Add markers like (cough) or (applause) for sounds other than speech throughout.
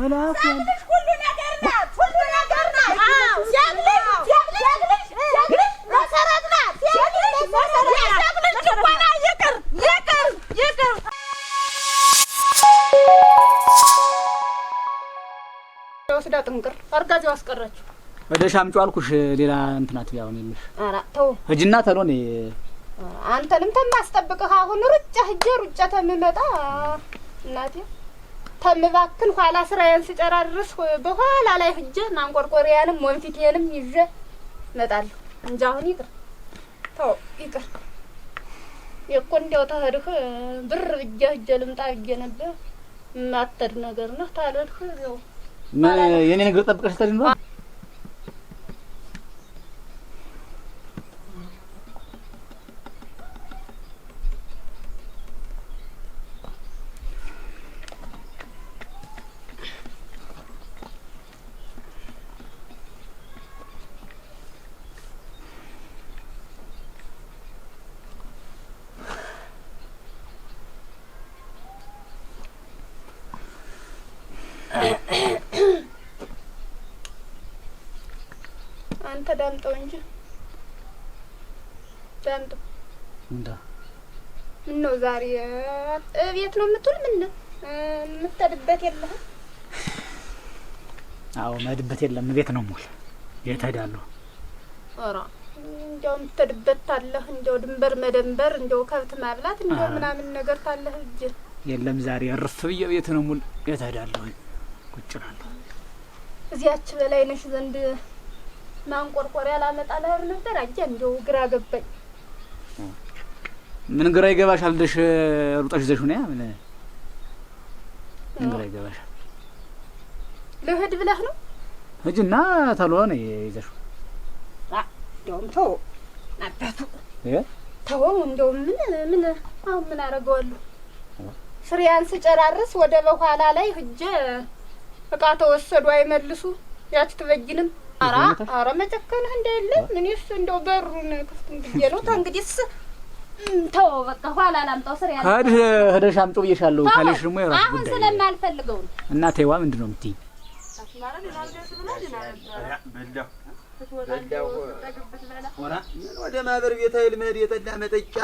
መልአኩ ሁሉ ነገር ናት፣ ሁሉ ነገር ናት። ወስዳ ጥንቅር አድርጋ እዚያው አስቀረችው። ወደ ሻምጮ አልኩሽ። ሌላ እንትናት ቢያውን የለሽ። ኧረ ተው ህጅና ተሎ እኔ አንተንም ተማስጠብቅህ አሁን ሩጫ ሂጅ ሩጫ ተምመጣ እናቴ ተምባክን ኋላ ስራዬን ስጨራርስ በኋላ ላይ ሂጄ ማንቆርቆሪያንም ወንፊቴንም ይዤ እመጣለሁ እንጂ አሁን ይቅር ተው ይቅር። እኮ እንዲያው ተኸድህ ብር ብዬ ህጀ ልምጣ ብዬ ነበር። ማተድ ነገር ነው ታለድህ። የኔ ነገር ጠብቀሽ ተድን አንተ ዳምጠው እንጂ ዳምጠው። እንዳ ምን ነው ዛሬ እቤት ነው የምትውል? ምን ነው የምትሄድበት የለህም? አዎ መሄድበት የለም። እቤት ነው ሙል የት እሄዳለሁ? ኧረ እንዲያው የምትሄድበት ታለህ? እንዲያው ድንበር መደንበር፣ እንዲያው ከብት ማብላት፣ እንዲያው ምናምን ነገር ታለህ እጅ የለም። ዛሬ እርፍ ብዬ ቤት ነው ሙል የት እሄዳለሁ? ቁጭ እላለሁ። እዚያች በላይ ነሽ ዘንድ ማንቆርቆሪያ ላመጣ ለህር ነበር። አጃ እንደው ግራ ገባኝ። ምን ግራ ይገባሻል? ደሽ ሩጠሽ ዘሽ ነው ምን ምን ግራ ይገባሻል? ለህድ ብለህ ነው? ሂጂና ተሎ ነው ይዘሽ እንደውም ተው አባቱ ተወው። እንደውም ምን ምን አሁን ምን አደርገዋለሁ? ፍሬያን ስጨራርስ ወደ በኋላ ላይ ህጀ እቃ ተወሰዱ አይመልሱ ያች ትበጅንም ኧረ መጨከንህ እንዳለ እኔ እሱ እንደው በሩን ክፍቱን ብዬ ነው። እንግዲህ ተወው በቃ ኋላ ላምጣው ስር ያለ ከእህድህ እህደሽ አምጡ ብዬሻለሁ። ካለሽ ደግሞ የራሱ አሁን ስለማልፈልገው እና ተይዋ ምንድን ነው የምትይኝ? ወደ ማህበር ቤት ኃይል መሄድ የጠላ መጠጫ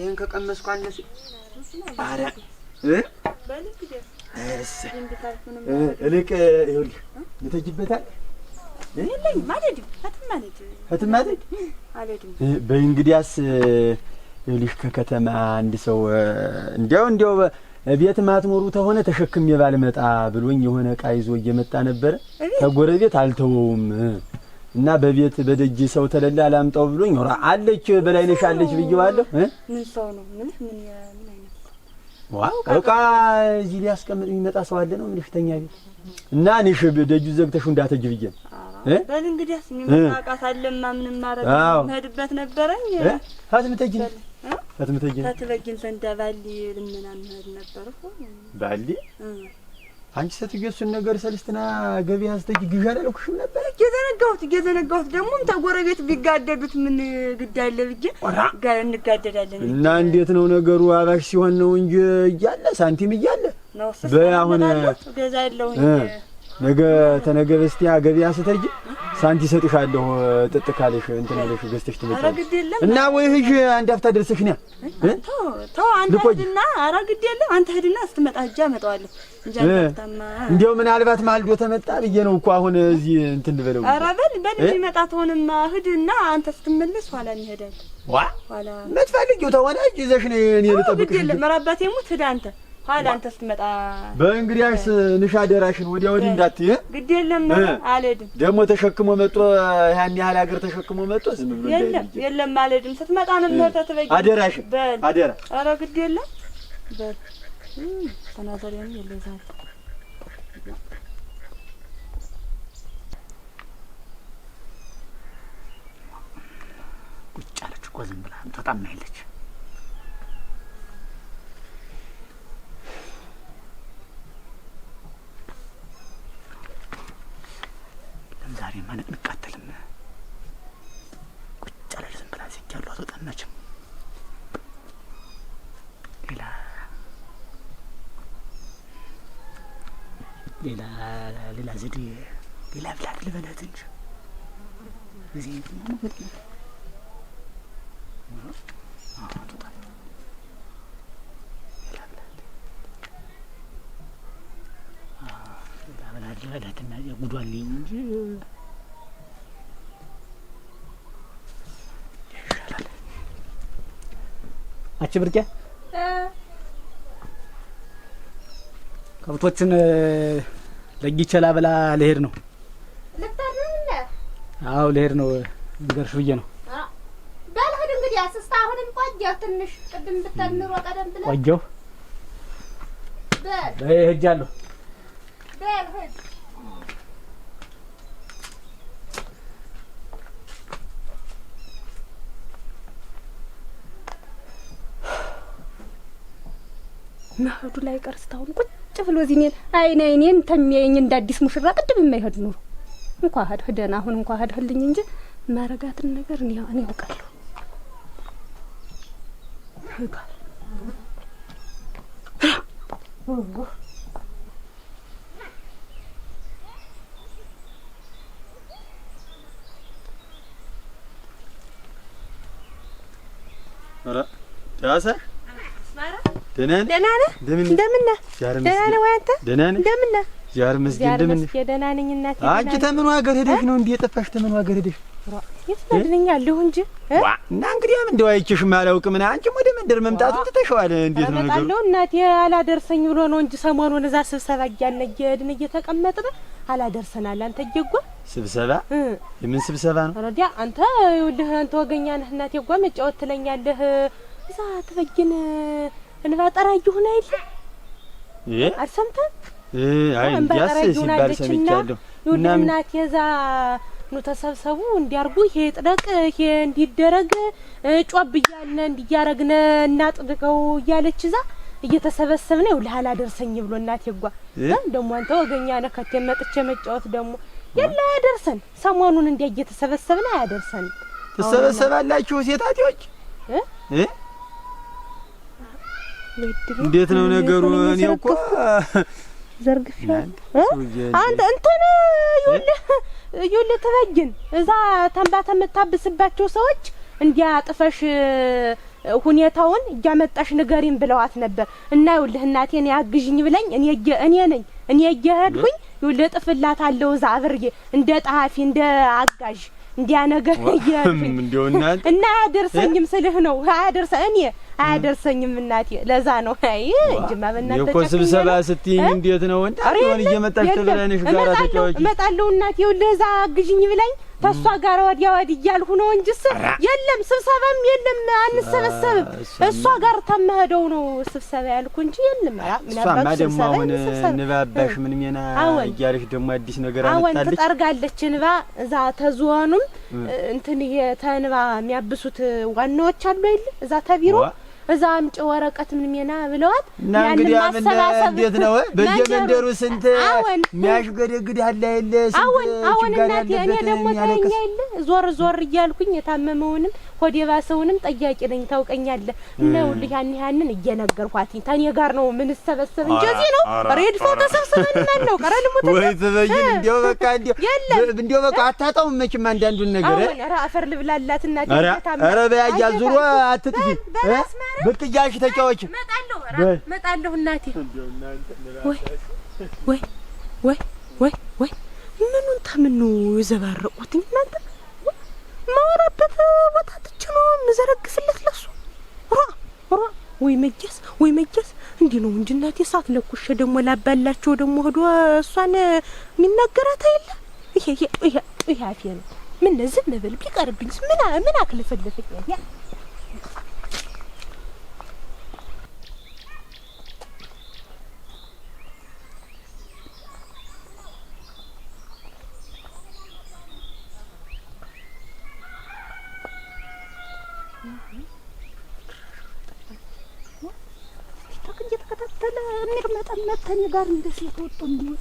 ይህን ከቀመስኩ አነሱ ባሪያ እልቅ ይኸውልህ ልተጅበታል የለኝም አልሄድም። በይ እንግዲያስ ይኸውልሽ ከከተማ አንድ ሰው እንዲያው እንዲያው ቤት ማትኖሩ ተሆነ ተሸክሜ ባልመጣ ብሎኝ የሆነ ዕቃ ይዞ እየመጣ ነበረ። ከጎረቤት አልተወውም እና በቤት በደጅ ሰው ተለላ አላምጣው ብሎኝ ራ አለች በላይነሽ አለች ብዬዋለሁ። ምን ሰው ነው ምን ምን አይነት እዚህ ሊያስቀምጥ የሚመጣ ሰው አለ ነው ምልሽ? ተኛ ቤት እና እኔሽ ደጁ ዘግተሹ እንዳተጅ ብዬ ነው በል እንግዲያስ የሚመጣቃት አለማ ምንም ማረግ መሄድበት ነበረኝ አትምተጊን አትምተጊን አትበጊን ዘንዳ ባሊ ልመና መሄድ ነበር እኮ ባሊ አንቺ ሴትዮ እሱን ነገር ሰልስትና ገበያ ስትሄጂ ግዢ አላልኩሽም ነበር? እየዘነጋሁት እየዘነጋሁት ደግሞ ተጎረቤት ቢጋደዱት ምን ግድ አለ ብዬ ጋር እንጋደዳለን። እና እንዴት ነው ነገሩ? አባሽ ሲሆን ነው እንጂ እያለ ሳንቲም እያለ በአሁን ገዛ ያለሁኝ ነገ ተነገ በስቲያ ገበያ ስትሄጂ ሳንቲ ሰጥሻለሁ። ጥጥ ካለሽ እንትን አለሽ ገዝተሽ ትመጪያለሽ እና ወይ እህሽ አንድ አፍታ ደርሰሽ ነያ ተው አንተ ሂድና፣ ኧረ ግድ የለም አንተ ሂድና ስትመጣ ሂጅ አመጣዋለሁ እንጂ አታማ እንዲያው ምናልባት ማልዶ ተመጣ ብዬ ነው እኮ አሁን እዚህ እንትን ልበለው። ኧረ በል በል የሚመጣ ትሆንማ ሂድና አንተ ስትመለስ ኋላ እንሄዳለን። ዋ ኋላ መትፈልጊው ተሆነ ይዘሽ ነው እኔ ልጠብቅሽ። ግድ የለም ኧረ አባቴ ሙት ሂድ አንተ ኋላ አንተ ስትመጣ በእንግዲያስ ንሻ ደራሽን ወዲያ ወዲህ እንዳትይ። ግድ የለም አልሄድም። ደግሞ ተሸክሞ መጦ ያን ያህል ሀገር ተሸክሞ መጥቶ ዝም ብሎ የለም የለም አልሄድም። ስትመጣ ነው ትበይ አደራ። ኧረ ግድ የለም በል ተናዘሪያም ቁጭ አለች እኮ ዝም ብላ ተጣማ የለች ረዳትና ጉዷለኝ እንጂ ይሻላል። ብርቄ ከብቶችን ለጊቼ ላበላ ልሄድ ነው። አዎ ልሄድ ነው። ንገርሽ ብዬ ነው። በልሂድ እንግዲህ አስስታ አሁንም ቆየው ትንሽ ቅድም ብትል ቀደም ብለህ ቆየው በይ መሄዱ ላይ ቀር ቁጭ ብሎ እዚህ እኔን አይኔን ተሚያየኝ እንደ አዲስ ሙሽራ ቅድም የማይሄድ ኑሮ እንኳ ሀድህ ደህና አሁን እንኳ ሀድህልኝ እንጂ ማረጋትን ነገር እኔ ያውቃለሁ። ይባል ዳሰ ደህና ነህ? ደህና ነህ? እንደምን ነህ? ደህና አንቺ ተምኑ ሀገር ሄደሽ ነው እንዴ የጠፋሽ? ተምኑ ሀገር ሄደሽ የት ናድነኛለሁ እንጂ እና እንግዲያም እንደው አይቼሽም አላውቅም። አንቺም ወደ መንደር መምጣቱን ትተሽዋል። እንዴት ነው ነገሩ? እናቴ አላደርሰኝ ብሎ ነው እንጂ ሰሞኑን እዛ ስብሰባ እያልን እየሄድን እየተቀመጥን አላደርሰናል። አንተ እየጓ ስብሰባ የምን ስብሰባ ነው? ረዲያ አንተ ይኸውልህ አንተ ወገኛ ነህ እናቴ ጓ መጫወት ትለኛለህ። እዛ ትበይን እንባ ጠራጅ አይደል? አይል አልሰምተን አይ እንዲያስ ሲባል ሰምቻለሁ። ይኸውልህ እናቴ እዛ ኑ ተሰብሰቡ እንዲያርጉ ይሄ ጥረቅ ይሄ እንዲደረግ ጮብ እያልን እንዲያረግነ እናጥድቀው እያለች እዛ እየተሰበሰብነ ይኸውልህ አላደርሰኝ ብሎ እናቴ ጓ ደግሞ አንተ ወገኛ ነህ ከቴ መጥቼ መጫወት ደግሞ የለ ያደርሰን። ሰሞኑን እንዲያ እየተሰበሰብን አያደርሰን። ትሰበሰባላችሁ ሴታቲዎች? እንዴት ነው ነገሩ? እኔ እኮ ዘርግፈን አንተ እንትን ይኸውልህ ይኸውልህ ትበይን እዛ ተንባ ተመታብስባቸው ሰዎች እንዲያ ጥፈሽ ሁኔታውን እያመጣሽ ንገሪን ብለዋት ነበር። እና ይኸውልህ እናቴን ያግዥኝ ብለኝ እኔ እኔ ነኝ እኔ እየሄድኩኝ ልጥፍላት አለው እዛ አብሬ እንደ ጸሐፊ እንደ አጋዥ እንዲያ ነገር እና አያደርሰኝም ስልህ ነው። አያደርሰ እኔ አያደርሰኝም እናቴ፣ ለዛ ነው። አይ እንጂማ በእናትህ እኮ ስብሰባ ስትይኝ እንዴት ነው እንዴ? አሁን እየመጣሽ ተብለንሽ ጋራ እመጣለሁ እናቴ፣ ይኸውልህ አግዥኝ ብላኝ ተሷ ጋር ወዲያ ወዲህ እያልሁ ነው እንጂስ የለም ስብሰባም የለም፣ አንሰበሰብም። እሷ ጋር ተመሄደው ነው ስብሰባ ያልኩ እንጂ የለም። እሷማ ምን ሚና ብቅ ያለሽ ደግሞ አዲስ ነገር አመጣለች። አዎን ትጠርጋለች እንባ። እዛ ተዝሆኑም እንትን የተንባ የሚያብሱት ዋናዎች አሉ አይደል? እዛ ተቢሮ እዛ አምጪ ወረቀት ምን ሚና ብለዋት እና እንግዲህ ማሰባሰብ እንዴት ነው? (laughs) በየመንደሩ ስንት የሚያሽገደግድ አለ አይደል? አዎን አዎን። እናቴ እኔ ደግሞ ተኛ አይደል ዞር ዞር እያልኩኝ የታመመውንም ሆዴባ ሰውንም ጠያቂ ነኝ ታውቀኛለ። እና ይኸውልህ ያን ያንን እየነገርኳትኝ ተኔ ጋር ነው የምንሰበሰብ እንጂ እዚህ ነው ሬድ ሰው ተሰብስበን ማን ነው ቀረ ልሙት ወይ ዘበይን እንዲያው በቃ እንዲያው እንዲያው በቃ አታጣውም መቼም አንዳንዱን ነገር አሁን ኧረ አፈር ልብላላት እና ኧረ በያያ ዙሮ አትጥፊ ብቅ እያልሽ ተጫወች። እመጣለሁ እመጣለሁ እናቴ ወይ ወይ ወይ ወይ ወይ ምኑን ታምኑ የዘባረቁት እናንተ ልተረግፍለት ለሱ ራ ራ ወይ መጀስ ወይ መጀስ እንዲህ ነው እንጂ እናቴ እሳት ለኩሸ ደግሞ ላባላቸው ደግሞ ሄዶ እሷን የሚናገራት አይለ ይሄ ይሄ ይሄ አፌ ነው ምን ዝም ብል ቢቀርብኝ ምን ምን አክልፈልፍኝ ያ があるんですよ、とっとに。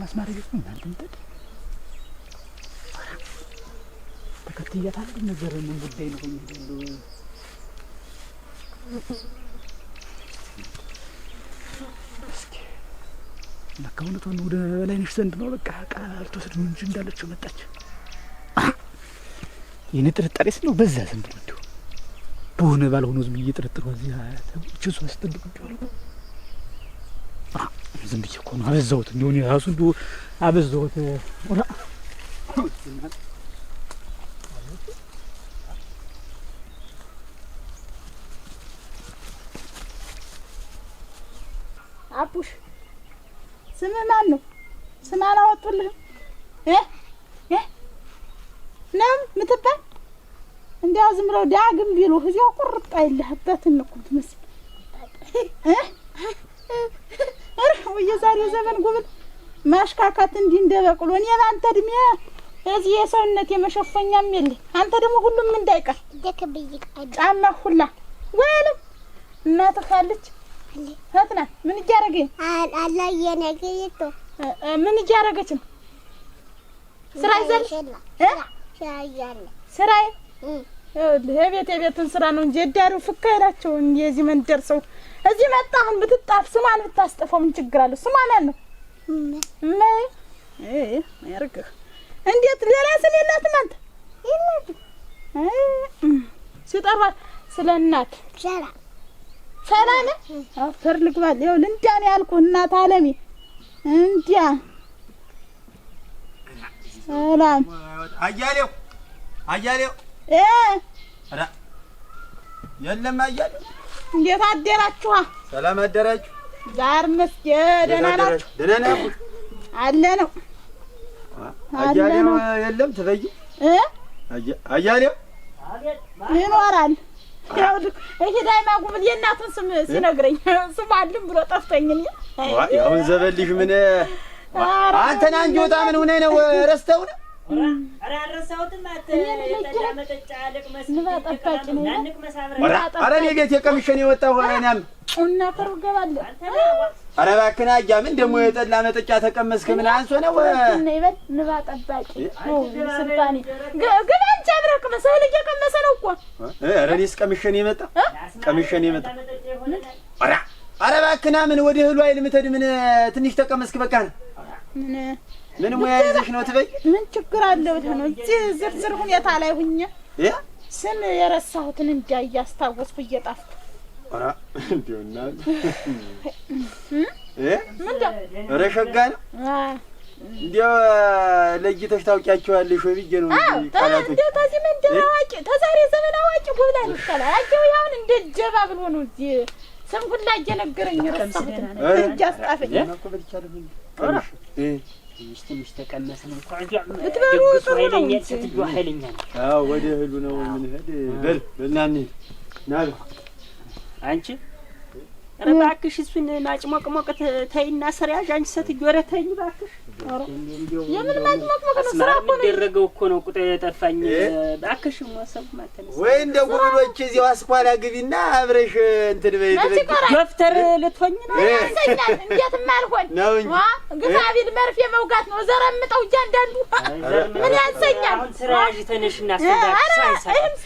ማስማረግ እናንተ ተከትያት አንድ ነገር ምን ጉዳይ ነው ሁሉ እስኪ ለካውነቱ ወደ በላይነሽ ዘንድ ነው። በቃ ቃል አልተወሰድ ነው እንጂ እንዳለችው መጣች። የኔ ጥርጣሬስ ነው በዛ ዝም ብሎ እንዲሁ በሆነ ባልሆነ ዝም ብዬ ጥርጥሮ እዚያ ሰዎች እሷ ዝም ብዬ እኮ ነው አበዛሁት። እንደው እኔ እራሱ እንደው አበዛሁት። ወራ አቡሽ ስምህ ማን ነው? ስም አላወጡልህም ነው የምትባል እንዲያው ዝም ብለው ዳግም ቢሉህ እዚያው ቁርጥ አይልህበትን እኮ ትመስል እርሁ የዛሬ ዘመን ጉብል ማሽካካት እንዲህ እንደ በቅሎ እኔ በአንተ እድሜ እዚህ የሰውነት የመሸፈኛም የለ። አንተ ደግሞ ሁሉም እንዳይቀር ጫማ ሁላ ወይንም እናትህ አለች ፈትና ምን አላ እያደረገኝ ምን እያደረገች ነው? ስራ ይዘል ስራ የቤት የቤትን ስራ ነው እንጂ የዳሪው ፍካ ይላቸውን የዚህ መንደር ሰው እዚህ መጣ። አሁን ብትጣፍ ስማን ብታስጠፈው ምን ችግር አለው? ስማን ማን ያርግህ። እንዴት ሌላ ስም የላትም አንተ? ሲጠራ ስለ እናት ሰላም አፈር ልግባል። ነው ያልኩህ እናት አለሜ እንዲያ ሰላም አያሌው አያሌው የለም አያለ እንዴት አደራችኋ? ሰላም አደራችሁ? ዛር መስገድ ደህና ናችሁ? ደህና ናችሁ? አለ ነው አያሌው የለም ትበይ አያሌው ይኖራል። ያው የእናቱን ስም ሲነግረኝ ስም አለም ብሎ ጠፍተኝ አሁን ዘበልሽ ምን አንተና እንጆታ ምን ነው? ረስተው ነው ኧረ እኔ ቤት የቀምሼን የወጣሁ እናም እናፈሩ እገባለሁ። ኧረ እባክህን አያ ምን ደግሞ የጠላ መጠጫ ተቀመስክ? ምን አንሶ ነው ይበል። ንባ ጠባቂ ስልጣኔ ግን አንቺ አብረህ ቅመስ። ሰው ልጅ ነው እኮ። ኧረ እኔስ ቀምሼን የመጣ ቀምሼን የመጣ ኧረ እባክህን ምን ወደ እህሉ አይልም ተድምን ትንሽ ተቀመስክ። በቃ ነው ምን ሙያ ይዘሽ ነው ትበይ? ምን ችግር አለው ነው እዚህ ዝርዝር ሁኔታ ላይ ሁኜ ስም የረሳሁትን እንጃ እያስታወስኩ እየጣፍኩ ኧረ እንደው እ ምንድን ነው ኧረ ነው እንደው ለይተሽ ታውቂያቸዋለሽ ወይ ብዬሽ ነው እንጂ ቃላቶች እንደው ተዚህ ምንድን ነው አዋቂ ተዛሬ ዘመን አዋቂ ጎብላ ይባላል አየሁ ያሁን እንደ ጀባ ብሎ ነው እዚህ ስም ሁላ እየነገረኝ ረሳሁትን እያስጣፈኝ ትንሽ ትንሽ ተቀመስን እንኳን ኃይለኛ ነው። ወደ እህሉ ነው የምንሄድ። በል በልና እንሂድ። ናሉ አንቺ እባክሽ እሱን ማጭሞቅሞቅ ተይና ስሪያዥ አንቺ ሴትዮ ኧረ ተይኝ እባክሽ የምን ስራ ነው የሚደረገው እኮ ነው። የጠፋኝ እባክሽ ወይ እንደ ጉብሎች አስኳላ ግቢና አብረሽ እንትን ልትሆኝ ነው መርፌ መውጋት ነው። ዘረምጠው እያንዳንዱ ምን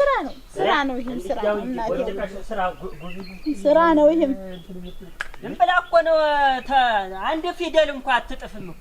ስራ ነው፣ ስራ ነው፣ ይሄም ስራ ነው። ስራ ነው። ይሄም ዝም ብላ እኮ ነው። አንድ ፊደል እንኳ አትጥፍም እኮ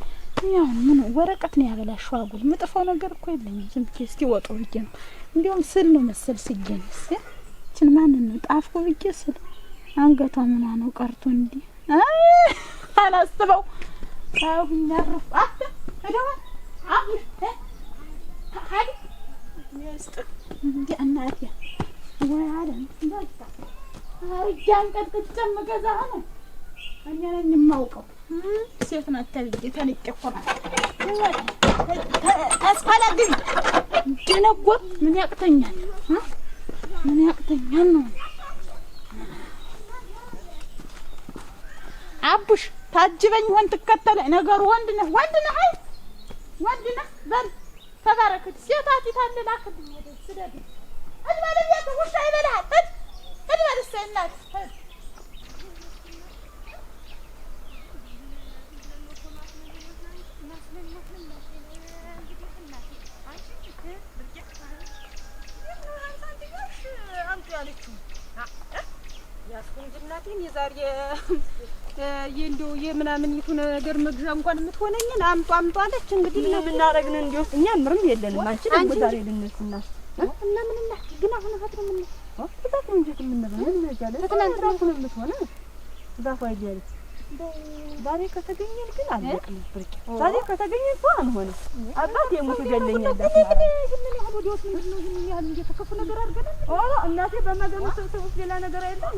ያሁን ምን ወረቀት ነው ያበላሽው? አጉል መጥፋው ነገር እኮ የለኝም። ዝም ብዬ እስኪ ወጡ ብዬ ነው። እንዲሁም ስል ነው መሰል ስገኝ ስ ችን ማን ነው ጣፍኩ ብዬ ስል አንገቷ ምኗ ነው ቀርቶ እንዲህ አላስበው አሁን ያረፍ አደዋ አሁን ሀዲ ስጥ እንዲ እናት ያ ወይ አለ እንዳ አጃን ቀጥቅጫ መገዛ ነው እኔ ነኝ የማውቀው። ሴት ናት ተብዬ ተንቄ እኮ ተስፋ ላግኝ ምን ያቅተኛል? ምን ያቅተኛል ነው አቡሽ ታጅበኝ ሆን ትከተለ ነገሩ ወንድ ነህ ወንድ ነህ አይ ወንድ ነህ በል ተባረክት። ሴት አትታለ ላክልኝ ወደ ስለዚህ እንበል ውሻ ይበላሃል እንበል እናቴን የዛሬ የእንዶ የምናምን ይቱ ነገር መግዣ እንኳን የምትሆነኝን አምጧ አምጧ አለች። እንግዲህ ምን ብናደርግ ነው? እንዲሁ እኛ ምንም የለንም። አንቺ ደግሞ ዛሬ ልንስና እና ምን እና ግን አሁን ሀት ምን ብዛት ነው እንጂ ምን ነው ምን ያለ ትናንት ራሱ ነው የምትሆነ ዛፉ ያለ ዛሬ ከተገኘን ግን አለቅም። ብርቅ ዛሬ ከተገኘን እኮ አንሆንም። አባት የሙት ገለኛ ያዳት ምን ያህል ወዲያውስ ምንድን ነው ይህን ያህል እየተከፉ ነገር አድርገናል። እናቴ በመገኑ ሰው ውስጥ ሌላ ነገር አይደለም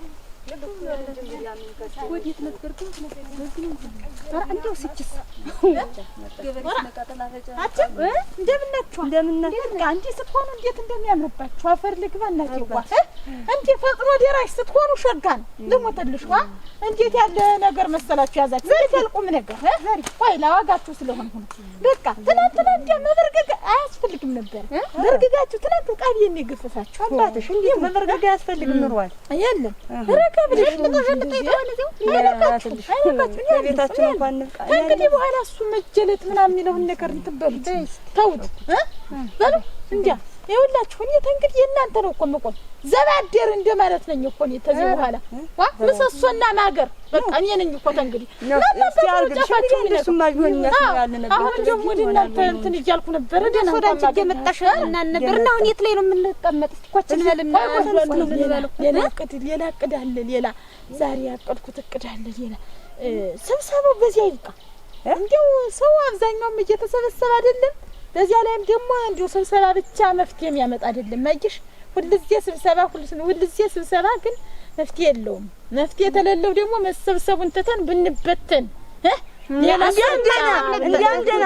እንደው ስችስ እንደምናችሁ እንዲህ ስትሆኑ እንዴት እንደሚያምርባችሁ አፈር ልግባ እናቴዋ። እንዲህ ፈጥኖ ደራሽ ስትሆኑ ሸጋ ነው። ዋ እንዴት ያለ ነገር መሰላችሁ ያዛችሁ። ዘሪት ያልቁም ነገር ቆይ ላዋጋችሁ ስለሆነ በቃ ትናንትና እንዲያ መበርገግ አያስፈልግም ነበር። በርግጋችሁ ትናንት ቃል የሚገፍፋችሁ አባትሽ እንዲህ መበርገግ አያስፈልግም ኑሯል የለም ቤታችን እንኳን እንብቃ። ከእንግዲህ በኋላ እሱ መጀለት ምናምን የሚለውን ነገር እንትን በሉት፣ ተውት በሉ እንዲያ ይኸውላችሁ ሁኔታ እንግዲህ የእናንተ ነው እኮ የምቆይ ዘባደር እንደማለት ነኝ እኮ እኔ ተዚህ በኋላ ዋ ምሰሶና ማገር በቃ እኔ ነኝ እኮ ተንግዲህ አሁን ደግሞ ወደ እናንተ እንትን እያልኩ ነበረ ደህና ወዳጅ የመጣሽ እና ነበር እና አሁን የት ላይ ነው የምንቀመጥ? እስኪኮችን በልና ሌላ እቅድ ሌላ እቅድ አለ። ሌላ ዛሬ ያቀድኩት እቅድ አለ። ሌላ ስብሰባው በዚያ ይብቃ። እንዲያው ሰው አብዛኛውም እየተሰበሰበ አይደለም በዚያ ላይም ደግሞ እንዲሁ ስብሰባ ብቻ መፍትሄ የሚያመጣ አይደለም። አየሽ ሁልጊዜ ስብሰባ ሁልጊዜ ስብሰባ ግን መፍትሄ የለውም። መፍትሄ የተለለው ደግሞ መሰብሰቡን ትተን ብንበተን እንዲያንደና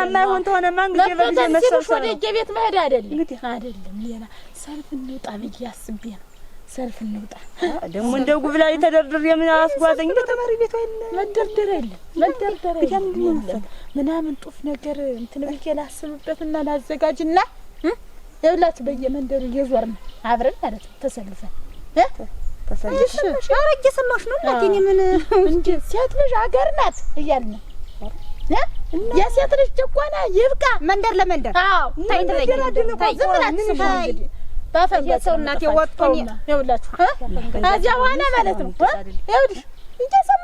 የማይሆን ተሆነ ማንጊዜ በጊዜ መሰብሰብ ወደ ቤት መሄድ አይደለም አይደለም ሌላ ሰልፍ እንውጣ ብዬ አስቤ ነው ሰልፍ እንውጣ። ደግሞ እንደ ጉብላ ተደርድሬ የምን አስጓዘኝ? ተማሪ ቤት አይደለ መደርደር የለ መደርደር የለ ምናምን ጡፍ ነገር እንትን ብዬ ላስብበትና ላዘጋጅና የብላት በየመንደሩ ነው አብረን ማለት ነው ተሰልፈን ተሰልሽ ኧረ እየሰማሽ ነው እናቴ። እኔ ምን እንደ ሴት ልጅ አገር ናት እያልን ነው የሴት ልጅ ጭቆና ይብቃ። መንደር ለመንደር አዎ መንደር አይደለም ዝም ብላ ትስማ እንግዲህ ባፈንበት ሰው እናቴ ወጥቶኝ ይኸውላችሁ፣ ከዚያ በኋላ ማለት ነው ይኸውልሽ እንጀሰማ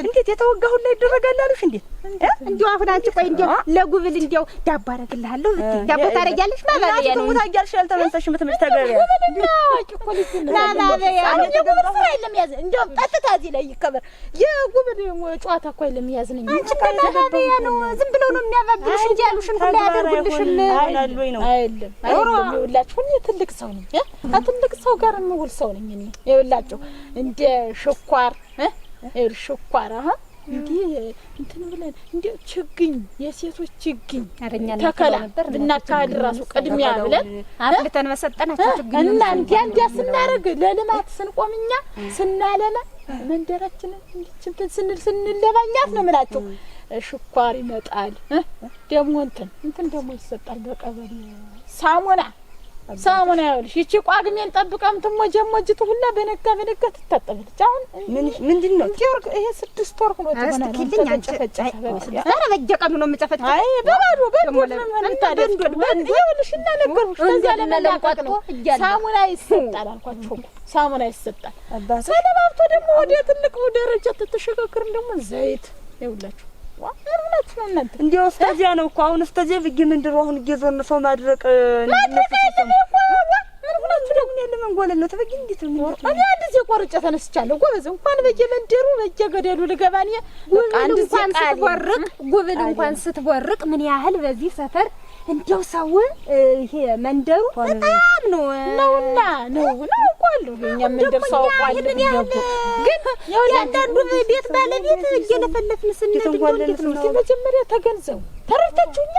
እንዴ የተወጋ ሁላ ይደረጋል አሉሽ? እንዴ እንዲው አሁን አንቺ ቆይ እንዲው ለጉብል እንዲው ዳቦ አደርግልሃለሁ ብትይ ዳቦ ታደርጊያለሽ ማለት ነው። ሙታ ዝም ብለው ነው የሚያባብልሽ እንጂ ያሉሽን ሁሉ ያደርጉልሽም አይደለም ይኸውላችሁ እኔ ትልቅ ሰው ነኝ ከትልቅ ሰው ጋር የምውል ሰው ነኝ እኔ ይኸውላችሁ እንደ ሽኳር ሽኳር አሁን እንዲ እንትን ብለን እንዲ ችግኝ የሴቶች ችግኝ ተከላ ብናካሄድ ራሱ ቅድሚያ ብለን አፍልተን መሰጠናቸው ችግኝ እና እንዲያ እንዲያ ስናደርግ ለልማት ስንቆምኛ ስናለማ መንደራችንን እንዲችምትን ስንል ስንለባኛት ነው ምላችሁ ሽኳር ይመጣል ደግሞ እንትን እንትን ደግሞ ይሰጣል በቀበሌ ሳሙና ሳሙና ይኸውልሽ፣ ይቺ ቋግሜን ጠብቀም ትሞጀ ሞጅቱ ሁላ በነጋ በነጋ ትታጠብልች። አሁን ምንድን ነው ጆርግ ይሄ ስድስት ወር ሆኖ ትሆናልኝ አንጨፈጨረ በየቀኑ ነው የምጨፈጨው። አይ በባዶ በዶድ ምታደርግ ይኸውልሽ። እና ነገርኩሽ ከዚያ ለመላቀቅ ነው ሳሙና ይሰጣል አልኳቸው። ሳሙና ይሰጣል ሰለባብቶ ደግሞ ወደ ትልቅ ደረጃ ትተሸጋግር ደግሞ ዘይት ይኸውላችሁ እንዲያው እስከዚያ ነው እኮ አሁን እስከዚያ ብዬሽ ምንድን አሁን እየዞርን ሰው ማድረቅ ቆርጬ ተነስቻለሁ። ጎበዝ እንኳን በየመንደሩ በየገደሉ ልገባ እኔ ጉብል እንኳን ስትቦርቅ ምን ያህል በዚህ ሰፈር እንደው ሰው ይሄ መንደሩ በጣም ነው ነውና ነው ነው አውቃለሁ። እኛም እንደርሰው አውቃለሁ። ግን የአንዳንዱ ቤት ባለቤት እየለፈለፍን ስንል እንኳን መጀመሪያ ተገንዘቡ። ተረድታችሁኛ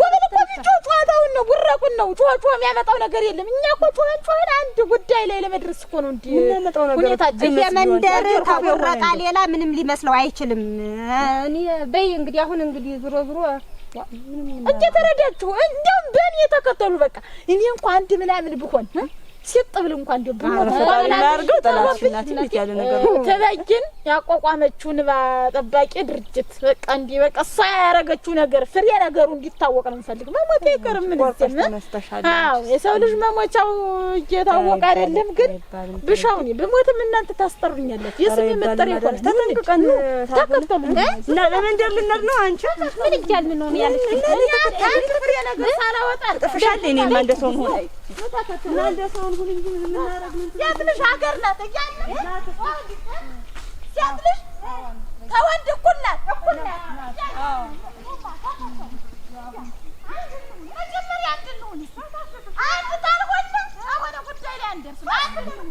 ወበል እኮ ምንጩ ጨዋታውን ነው ጉራቁን ነው ጮኸ ጮኸ የሚያመጣው ነገር የለም። እኛ እኮ ጮኸን ጮኸን አንድ ጉዳይ ላይ ለመድረስ እኮ ነው እንዲ ሁኔታችን። የመንደር ተቆረጣ ሌላ ምንም ሊመስለው አይችልም። እኔ በይ እንግዲህ አሁን እንግዲህ ዝሮ ዝሮ እየተረዳችሁ እንደውም በእኔ የተከተሉ በቃ እኔ እንኳ አንድ ምናምን ብሆን ሲጥ ብል እንኳን እንደው ብናርገው ያቋቋመችው ንባ ጠባቂ ድርጅት በቃ እንዲህ በቃ እሷ ያደረገችው ነገር ፍሬ ነገሩ እንዲታወቅ ነው የምፈልግ። መሞት አይቀርም ምንም። አዎ የሰው ልጅ መሞቻው እየታወቀ አይደለም። ግን ብሻውኒ ብሞትም እናንተ ታስጠሩኛላችሁ። የስሜ መጠሪያ ይሆን ተጠንቅቀን ተከፍቶ እና ለመንደር ልንሄድ ነው። አንቺ ምን እያልን ነው ያለ ፍሬ ነገር ሳላወጣ ጥፍሻል። እኔማ እንደሰው ነው ሴት ልጅ ሀገር ናት እያለ ሴት ልጅ ከወንድ እኩል ናት እኩል ናት። መጀመሪያ አንድ እንሁን፣ አንድ ካልሆነ የሆነ ጉዳይ ላይ አንደርስም።